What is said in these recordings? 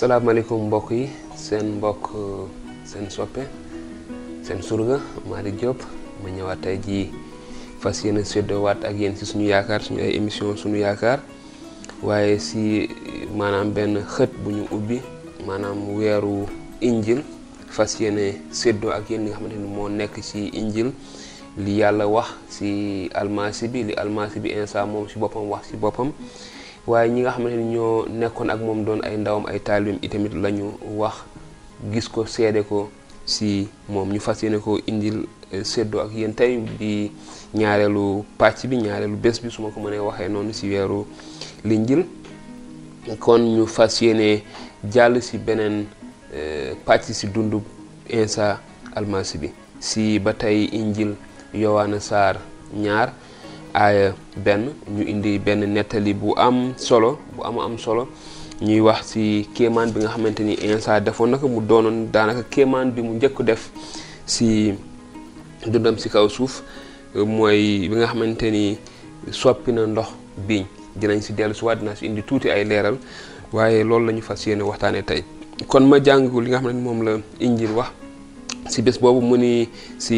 alaikum mbokk yi seen mbokk seen soppe seen surga Mari job ma ñëwaat tey ji fas yéene séddowaat ak yéen si suñu yaakaar suñu ay émission suñu yaakaar waaye si manam ben xët bu ñu ubbi maanaam weeru injil fas yéene séddoo ak yéen nga xamante ni moo nekk si injil li yàlla wax si almasi bi li almasi bi insa moom si boppam wax si boppam waaye ñi nga xamante ne ñoo nekkoon ak moom doon ay ndawam ay taalibeem itamit la ñu wax gis ko seede ko si moom ñu fas yéene ko indil eh, seddoo ak yéen tey bi ñaareelu pàcc bi ñaareelu bés bi su ma ko mënee waxee noonu si weeru linjil kon ñu fas yéene jàll si beneen eh, pàcc si dundub Insa almasi bi si ba tey injil yowaana saar ñaar Aya ben, ñu indi ben netali bu am solo bu am am solo ñuy wax si keman bi nga xamanteni insa defo naka mu donon danaka keman bi mu ñëk def si dundam si kaw suuf moy bi nga xamanteni soppi na ndox biiñ dinañ si delu ci wadna si indi tuti ay leral waaye loolu lañu fasiyene waxtane tay kon ma jangul li nga xamanteni mom la injil wax si bes bobu mu ni si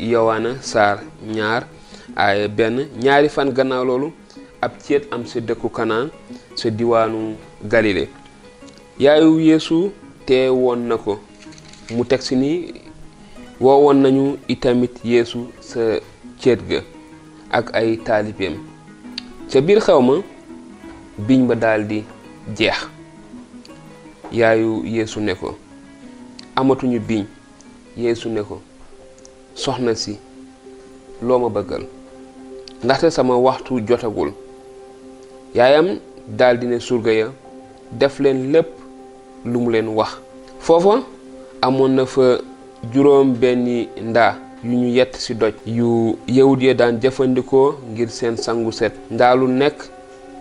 yawana sar ñaar ay benn ñaari fan gannaaw loolu ab ceet am sa dëkku kanaan sa diwaanu galile yaayu yéesu tee woon na ko mu teg ci ni wowoon nañu itamit yeesu sa ceet ga ak ay taalibeem ca biir xew ma biñ ba daldi jeex yaayu yéesu ne ko amatuñu biiñ yéesu ne ko soxna si loo ma bëggal ndaxte sama waxtu jotagul yaayam daldi ne surga ya def leen lépp lu mu leen wax foofa amoon na fa juróom benni ndaa yu ñu yett ci doj yu yawut ya daan jëfandikoo ngir seen sangu set ndaa lu nekk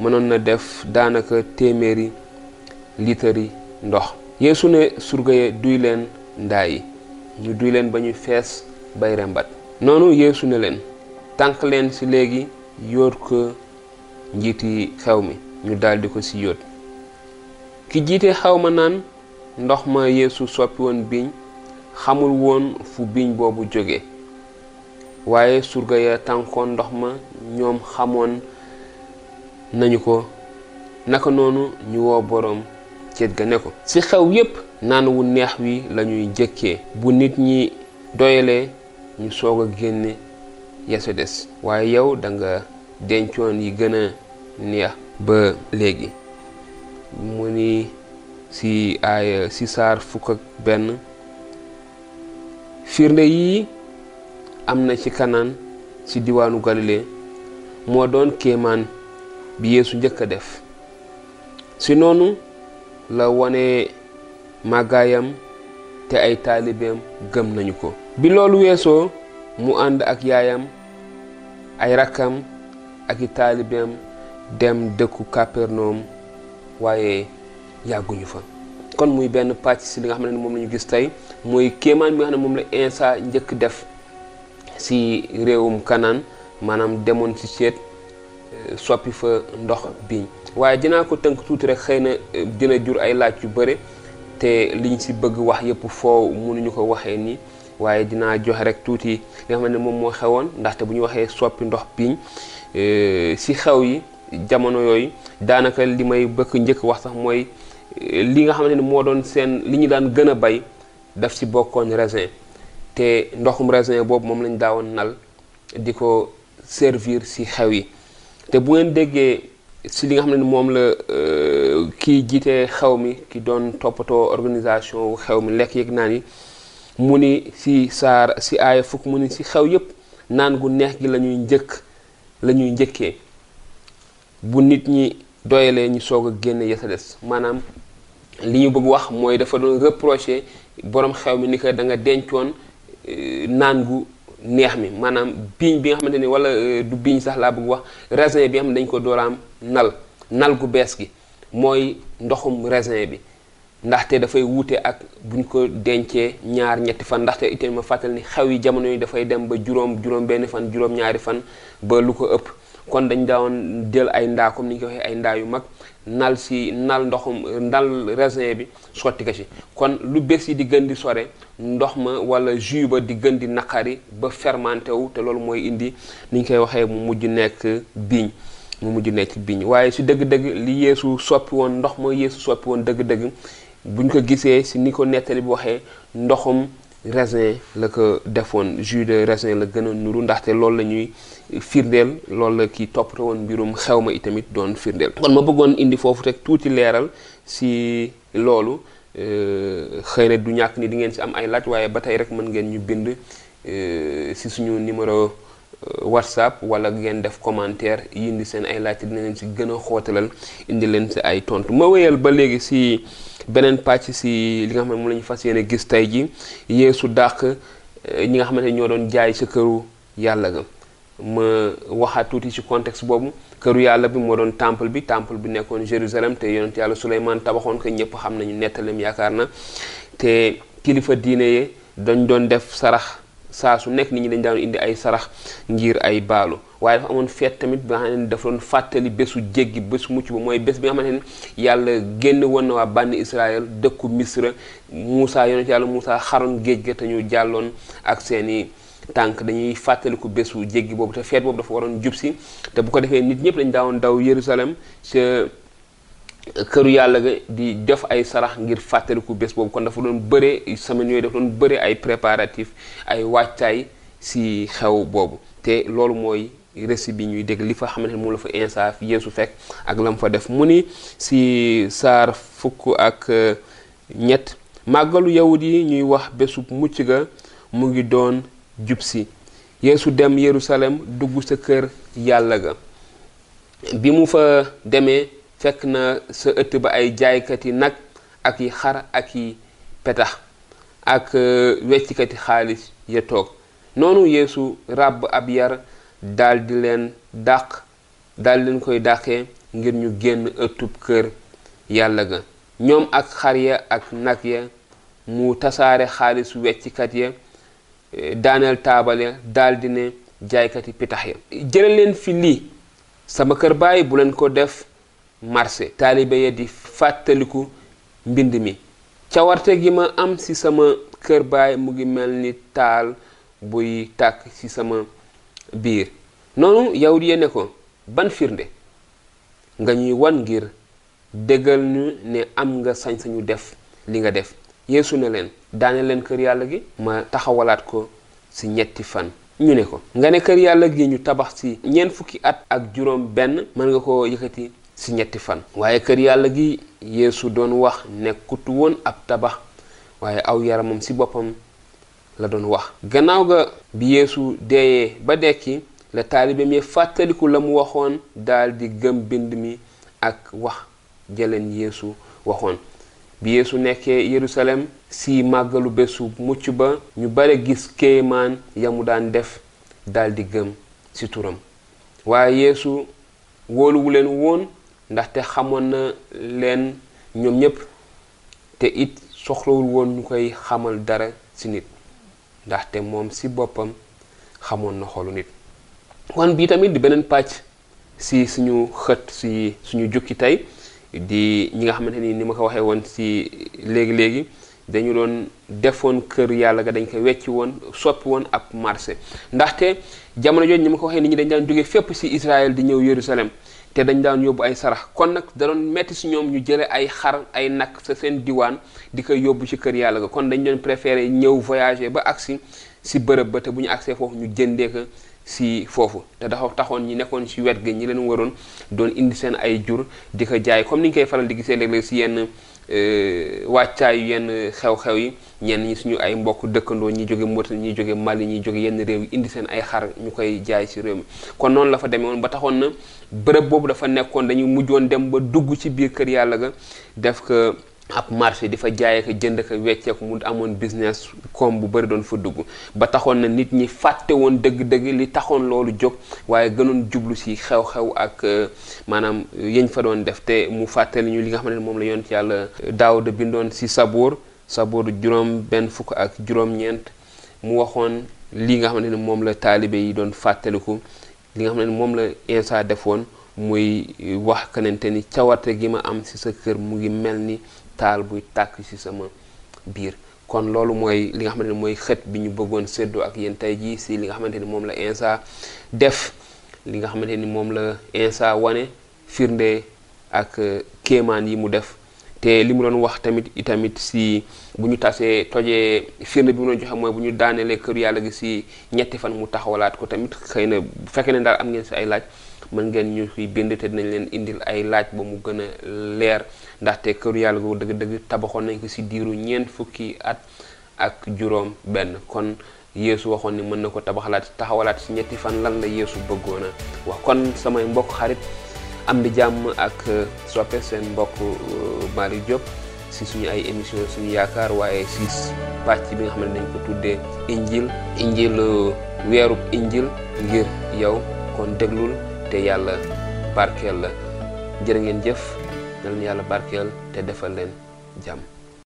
mënoon na def daanaka téeméeri litari ndox yeesu ne surga ya duy leen ndaa yi ñu duy leen ba ñuy fees bay rembat noonu yeesu ne leen tànk leen ci léegi yóot ko njiiti xew mi ñu daldi ko ci yóot ki jiite xew ma naan ndox ma yéesu soppi woon biiñ xamul woon fu biiñ boobu jóge waaye surga ya tànkoon ndox ma ñoom xamoon nañu ko naka noonu ñu woo boroom ceet ga ne ko ci xew yépp naan wu neex wi lañuy jëkke bu nit ñi doyale ñu soog a génne yeesu des waaye yow da nga dencoon yi gën a neex ba léegi mu ni si ay si saar fukk ak benn firnde yi am na ci kanan ci diwaanu Galilée moo doon kéemaan bi yeesu njëkk a def si noonu la wone màggaayam te ay taalibeem gëm nañu ko bi loolu weesoo mu ànd ak yaayam ay rakam ak talibem dem deku capernaum waaye yaguñu fa kon muy benn pàcc si li nga xam ne moom la gis tey muy kéemaan bi nga xam ne la insa njëkk def si réewum kanan manam demoon si seet eh, soppi fa ndox biñ waaye dinaa ko tënk tuuti rek xëy eh, dina jur ay laaj yu te ñu si bëgg wax yëpp foo mënuñu ko waxee nii waaye dinaa joxe rek tuuti li nga xam ne moom moo xewoon ndaxte bu ñu waxee soppi ndox piiñ si e, xew yi jamono yooyu daanaka li may bëgg njëkk wax sax mooy e, li nga xamante ni moo doon seen li ñu daan gën a bay daf si bokkoon raisin te ndoxum raisin boobu moom lañ daawoon nal di ko servir si xew yi te moom la e, kii jiite xew mi ki doon toppatoo organisation xew mi lekk yëg naan yi mu ni si saar si aaya fukk mu ni si xew yépp naan gu neex gi la ñuy njëkk la ñuy njëkkee bu nit ñi doyalee ñu soog a génn ya sa des maanaam li ñu bëgg wax mooy dafa doon reprocher borom xew mi ni ko da nga dencoon euh, naan gu neex mi maanaam biiñ bi nga xamante ni wala euh, du biiñ sax laa bëgg wax raisin bi nga xam ne dañ ko dooraam nal nal gu bees gi mooy ndoxum raisin bi ndaxte dafay wuute ak buñ ko dencee ñaar ñetti fan ndaxte itam ma fàttali ni xew yi jamono yi dafay dem ba juróom juróom benn fan juróom ñaari fan ba lu ko ëpp kon dañ daawoon jël ay ndaa comme ni ñu ko waxee ay ndaa yu mag nal si nal ndoxum nal raisin bi sotti ko ci kon lu bés yi di gën di sore ndox ma wala jus ba di gën di naqari ba fermenté wu te loolu mooy indi ni ñu koy waxee mu mujj nekk biiñ mu mujju nekk biñ waaye si dëgg-dëgg li yeesu soppi woon ndox ma yeesu soppi woon dëgg-dëgg buñ ko gisee si ni ko nettali bi waxee ndoxum raisin la ko defoon jus de raisin la gën a nuru ndaxte loolu la ñuy firndeel loolu la kii toppatoo woon mbirum xew ma itamit doon firndeel. kon ma bëggoon indi foofu rek tuuti leeral si loolu euh, xëy na du ñàkk ni di ngeen si am ay laaj waaye ba tey rek mën ngeen ñu bind euh, si suñu numéro. whatsapp wala ngeen def commentaire yi indi seen ay laajte dina leen si gën a xootalal indi leen si ay tontu ma wéyal ba léegi si beneen pàcc si li nga xam ne moom la ñu fas yéene gis tey ji yeesu dàq ñi nga xamante ñoo doon jaay sa këru yàlla ga ma waxaat tuuti ci contexte boobu këru yàlla bi moo doon temple bi temple bi nekkoon Jérusalem te yonent yàlla Suleymaan tabaxoon ko ñëpp xam nañu nettalem yaakaar na te kilifa diine yi dañ doon def sarax saa su nekk nit ñi dañ daan indi ay sarax ngir ay baalu waaye dafa amoon feet tamit bi nga xam ne dafa doon fàttali bésu jéggi bésu mucc ba mooy bés bi nga xamante ne yàlla génn woon na waa bànni Israël dëkku Misra Moussa yonent yàlla Moussa xaroon géej ga te ñu jàlloon ak seeni tànk dañuy fàttaliku bésu jéggi boobu te feet boobu dafa waroon jub si te bu ko defee nit ñëpp dañ daawoon daw Yerusalem ca këru yàlla ga di def ay sarax ngir fàttaliku bés boobu kon dafa doon bëree semaine yooyu dafa doon bëree ay préparatifs ay wàccaay si xew boobu te loolu mooy récit bi ñuy dégg li fa xamante ne moom la fa insaaf yeesu fekk ak lam fa def mu ni si saar fukk ak eh, ñett màggalu yawut yi ñuy wax bésu mucc ga mu ngi doon jub si yeesu dem Yerusalem dugg sa kër yàlla ga bi mu fa demee fekk na sa ëtt ba ay jaaykati nag ak yi xar ak yi petax ak euh, weccikati xaalis ya toog noonu yéesu ràbb ab yar daldi leen dàq daldi leen koy dàqee ngir ñu génn ëttub kër yàlla ga ñoom ak xar ya ak nag ya mu tasaare xaalis weccikat ya euh, daaneel taabal ya daldi ne jaaykati pitax ya jële leen fi lii sama kër bàyyi bu leen ko def marché taalibe ya di fàttaliku mbind mi cawarte gi ma am ci sama kër baay mu ngi mel ni taal buy tàkk ci sama biir noonu yawut ya ne ko ban firnde nga ñuy wan ngir déggal ñu ne am nga sañ-sañu def li nga def yeesu ne leen daane leen kër yàlla gi ma taxawalaat ko ci ñetti fan ñu ne ko nga ne kër yàlla gi ñu tabax ci ñeent fukki at ak juróom benn mën nga ko yëkkati ci ñetti fan waaye kër yàlla gi yéesu doon wax nekkutu woon ab tabax waaye aw yaramam ci boppam la doon wax gannaaw ga bi yeesu deeyee ba dekki la taalibeem ya fàttaliku la mu waxoon daldi gëm bind mi ak wax jëleen yéesu waxoon bi yeesu nekkee yerusalem ci màggalu bésu mucc ba ñu bare gis kéemaan ya mu daan def daldi gëm ci turam waaye yeesu wóoluwu woon ndaxte xamoon na leen ñoom ñépp te it soxlawul woon ñu koy xamal dara si nit ndaxte moom si boppam xamoon na xolu nit wan bii tamit di beneen pàcc si suñu xët ci suñu jukki tey di ñi nga xamante ni ni ma ko waxee woon ci léegi-léegi dañu doon defoon kër yàlla ga dañ ko wecci woon soppi woon ab marché ndaxte jamono jooju ñu ma ko waxee nit ñi dañ daan jóge fépp ci Israël di ñëw Yerusalem te dañ daan yóbbu ay sarax kon nag da doon metti si ñoom ñu jële ay xar ay nag sa seen diwaan di koy yóbbu ci kër yàlla ga kon dañ doon préféré ñëw voyager ba agsi si bërëb ba te bu ñu agsee foofu ñu jëndee ko si foofu te dafa taxoon ñi nekkoon si wet ga ñi leen waroon doon indi seen ay jur di ko jaay comme ni ñu koy faral di gisee léeg-léeg si yenn E, wàccaayu yenn xew-xew yi ñenn ñi suñu ay mbokk dëkkandoo ñi jóge Mauritanie ñi jóge Mali ñi jóge yenn réew yi indi seen ay xar ñu koy jaay ci réew mi kon noonu la fa demee woon ba taxoon na bërëb boobu dafa nekkoon dañu mujjoon dem ba dugg ci biir kër yàlla ga def ka ab marché di fa jaay ak jënd ak wecceeku mu amoon business koom bu bëri doon fa dugg ba taxoon na nit ñi fàtte woon dëgg-dëgg li taxoon loolu jóg waaye gënoon jublu si xew-xew ak euh, maanaam euh, yéñ fa doon def te mu fàttali ñu li nga xam ne moom la yonent yàlla euh, Daawuda bindoon si saboor saboor juróom benn fukk ak juróom mu waxoon li nga xam ne moom la taalibe yi doon fàttaliku li nga xam ne moom la Insa defoon muy wax kanante ni cawarte gi ma am ci sa kër mu ngi mel ni taal buy tàkk ci sama biir kon loolu mooy li nga xamante ni mooy xët bi ñu bëggoon séddoo ak yéen tey jii si li nga xamante ni moom la Insa def li nga xamante ni moom la Insa wane firnde ak euh, kéemaan yi mu def te li mu doon wax tamit itamit si bu ñu tasee tojee firnde bi mu doon joxe mooy bu ñu daanelee kër yàlla gi si ñetti fan mu taxawalaat ko tamit xëy na bu fekkee ne daal am ngeen si ay laaj mën ngeen ñu fi bind te dinañ leen indil ay laaj ba mu gën a leer ndaxte këru yàlla googu dëgg-dëgg tabaxoon nañ ko si diiru ñeent fukki at ak juróom benn kon yéesu waxoon ni mën na ko tabaxalaat taxawalaat si ñetti fan lan la yéesu bëggoona wax kon samay mbokk xarit amdi jam ak soppé sen mbokk eh, Malick job si suñu ay émission suñu yaakaar waye si pàcc bi nga xamné dañ ko tuddé injil injil eh, weerub injil ngir yow kon déglul té yalla barkel la ngeen jëf dal leen yàlla barkeel te defal leen jàmm